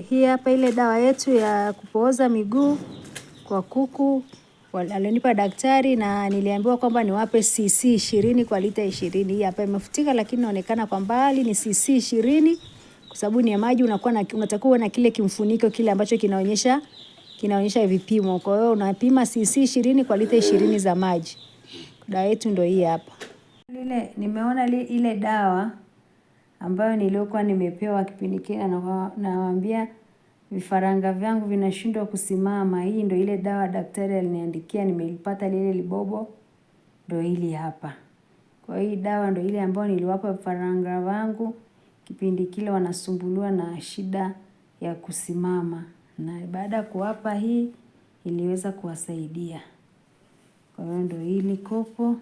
hii hapa ile dawa yetu ya kupooza miguu kwa kuku alionipa daktari, na niliambiwa kwamba niwape cc ishirini kwa lita ishirini. Hii hapa imefutika, lakini inaonekana kwa mbali ni cc ishirini kwa sababu ni ya maji. Unakuwa na unatakiwa na kile kimfuniko kile ambacho kinaonyesha kinaonyesha vipimo. Kwa hiyo unapima cc ishirini kwa lita ishirini za maji. Dawa yetu ndio hii hapa. Lile nimeona li, ile dawa ambayo niliokuwa nimepewa kipindi kile, nawaambia vifaranga vyangu vinashindwa kusimama. Hii ndo ile dawa daktari aliniandikia, nimelipata lile libobo, ndo hili hapa. Kwa hii dawa ndo ile ambayo niliwapa vifaranga wangu kipindi kile wanasumbuliwa na shida ya kusimama, na baada ya kuwapa hii iliweza kuwasaidia. Kwa hiyo ndo hili kopo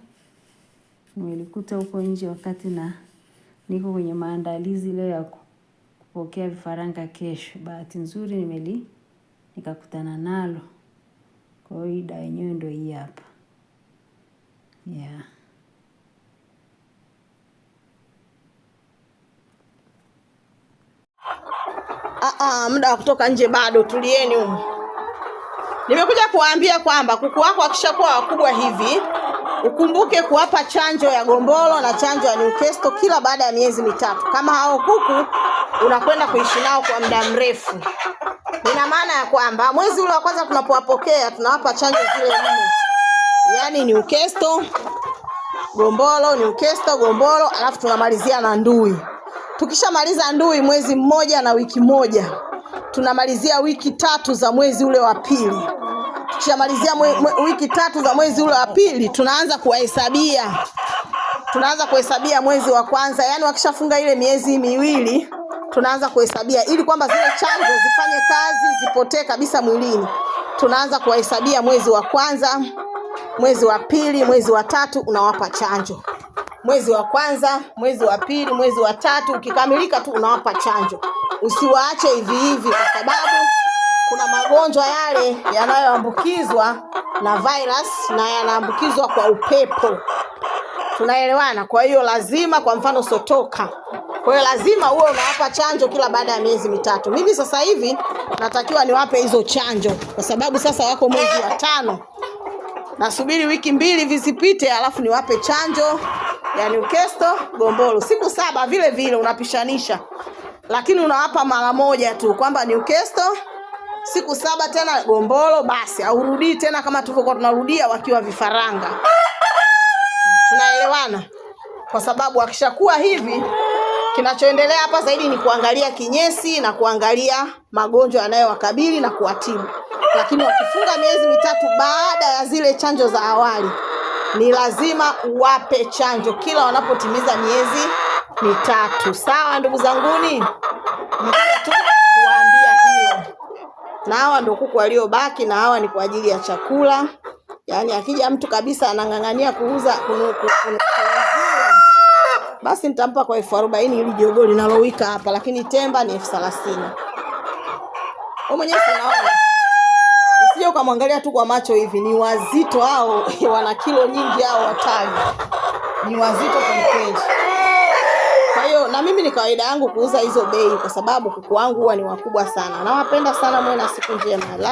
nimelikuta huko nje wakati na niko kwenye maandalizi leo ya kupokea vifaranga kesho. Bahati nzuri nimeli nikakutana nalo. Kwa hiyo ida yenyewe ndio hii hapa yeah. Ah, ah muda wa kutoka nje bado, tulieni humu. Nimekuja kuwaambia kwamba kuku wako akishakuwa wakubwa hivi Ukumbuke kuwapa chanjo ya gomboro na chanjo ya Newcastle kila baada ya miezi mitatu. Kama hao kuku unakwenda kuishi nao kwa muda mrefu, ina maana ya kwamba mwezi ule wa kwanza tunapowapokea tunawapa chanjo zile nne, yaani Newcastle, gomboro, Newcastle, gomboro, alafu tunamalizia na ndui. Tukishamaliza ndui mwezi mmoja na wiki moja, tunamalizia wiki tatu za mwezi ule wa pili tushamalizia wiki tatu za mwezi ule wa pili tunaanza kuwahesabia, tunaanza kuhesabia mwezi wa kwanza. Yani wakishafunga ile miezi miwili tunaanza kuhesabia ili kwamba zile chanjo zifanye kazi zipotee kabisa mwilini. Tunaanza kuwahesabia mwezi wa kwanza, mwezi wa pili, mwezi wa tatu, unawapa chanjo. Mwezi wa kwanza, mwezi wa pili, mwezi wa tatu, ukikamilika tu unawapa chanjo, usiwaache hivi hivi kwa sababu magonjwa yale yanayoambukizwa na virus na yanaambukizwa kwa upepo. Tunaelewana? Kwa hiyo lazima, kwa mfano sotoka, kwa hiyo lazima uwe unawapa chanjo kila baada ya miezi mitatu. Mimi sasa hivi natakiwa niwape hizo chanjo kwa sababu sasa wako mwezi wa tano, nasubiri wiki mbili vizipite, alafu niwape chanjo ya Newcastle Gombolo, siku saba. Vile vile unapishanisha, lakini unawapa mara moja tu kwamba Newcastle siku saba tena gombolo, basi aurudii tena kama tulivyokuwa tunarudia wakiwa vifaranga. Tunaelewana? Kwa sababu akishakuwa hivi, kinachoendelea hapa zaidi ni kuangalia kinyesi na kuangalia magonjwa yanayowakabili na kuwatibu. Lakini wakifunga miezi mitatu baada ya zile chanjo za awali, ni lazima uwape chanjo kila wanapotimiza miezi mitatu. Sawa ndugu zanguni, tu na hawa ndio kuku waliobaki, na hawa ni kwa ajili ya chakula. Yaani akija mtu kabisa anang'ang'ania kuuza basi nitampa kwa elfu arobaini ili jogoo linalowika hapa, lakini temba ni elfu thelathini. mwenyewe unaona, usije ukamwangalia tu kwa macho hivi, ni wazito hao wana kilo nyingi hao, watani, ni wazito kwelikweli ni kawaida yangu kuuza hizo bei, kwa sababu kuku wangu huwa ni wakubwa sana. Nawapenda sana, mwe na siku njema.